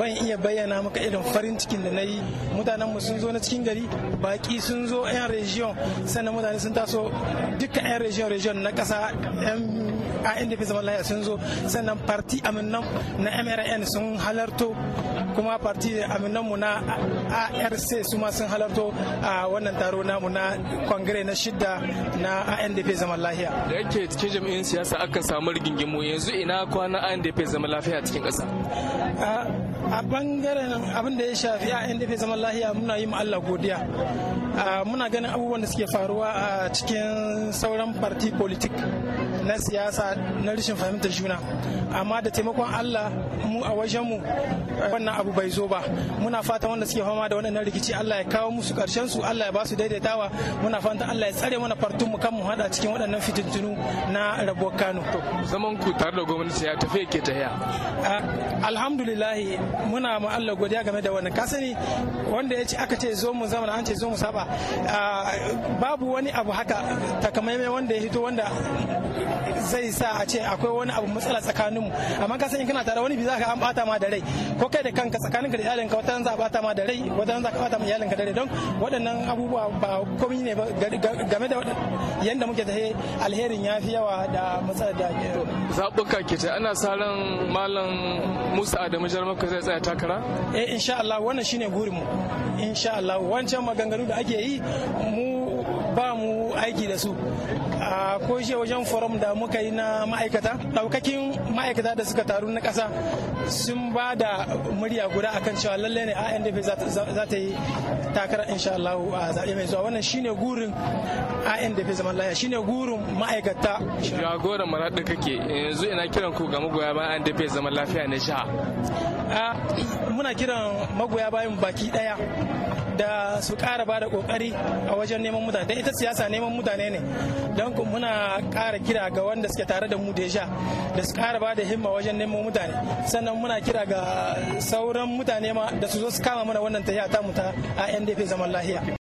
ban iya bayyana maka irin farin cikin da na yi mutanenmu sun zo na cikin gari baki sun zo 'yan region sannan mutane sun taso dukkan 'yan region region na ƙasa 'yan a inda fi zaman lafiya sun zo sannan parti aminan na mrn sun halarto kuma parti aminanmu na arc su ma sun halarto a wannan taro namu na kongire na shidda na andp zaman lafiya da yake cikin jami'in siyasa akan samu rigingimu yanzu ina kwana andp zaman lafiya cikin ƙasa a bangaren abin da ya shafi yayan dafe zaman lahiya muna yi Allah godiya muna ganin abubuwan da suke faruwa a cikin sauran party politik na siyasa na rashin fahimtar juna amma da taimakon Allah mu a wajenmu wannan abu bai zo ba muna fata wanda suke fama da wannan rikici Allah ya kawo musu karshen su Allah ya ba su daidaitawa muna fata Allah ya tsare mana partun mu kan mu hada cikin waɗannan fitintunu na rabuwar Kano zaman ku tare da gwamnati ya tafi ke tahiya alhamdulillah muna mu Allah godiya game da wannan kasani wanda ya ce aka ce zo mu zama an ce zo mu saba babu wani abu haka takamaimai wanda ya hito wanda zai sa a ce akwai wani abu matsala tsakanin mu amma ka san in kana tare wani bi za ka an bata ma da rai ko kai da kanka ka da iyalinka wata za bata ma da rai wata za ka bata ma iyalinka da rai don waɗannan abubuwa ba komai ne ba game da yadda muke tahe alherin ya fi yawa da matsalar da zaɓuka ke ce ana sa ran malam Musa Adamu Jarmaka zai zai tsaya takara? Eh insha Allah wannan shine gurinmu. Insha Allah wancan maganganu da ake yi mu ba mu aiki da su. A shi wajen forum da muka yi na ma'aikata, daukakin ma'aikata da suka taru na ƙasa sun ba da murya guda akan cewa lallai ne ANDP za ta yi takara insha Allah a zaɓe mai zuwa. Wannan shine gurin ANDP zaman lafiya shine gurin ma'aikata. Jagoran ɗin kake yanzu ina kiran ku ga magoya bayan ANDP zaman lafiya na jiha. muna kiran magoya bayan baki daya da su kara ba da kokari a wajen neman mutane don ita siyasa neman mutane ne don muna kara kira ga wanda suke tare da mu deja da su kara ba da himma wajen neman mutane sannan muna kira ga sauran mutane ma da su zo su kama mana wannan tahiya ta mu ta a ndp zaman lafiya.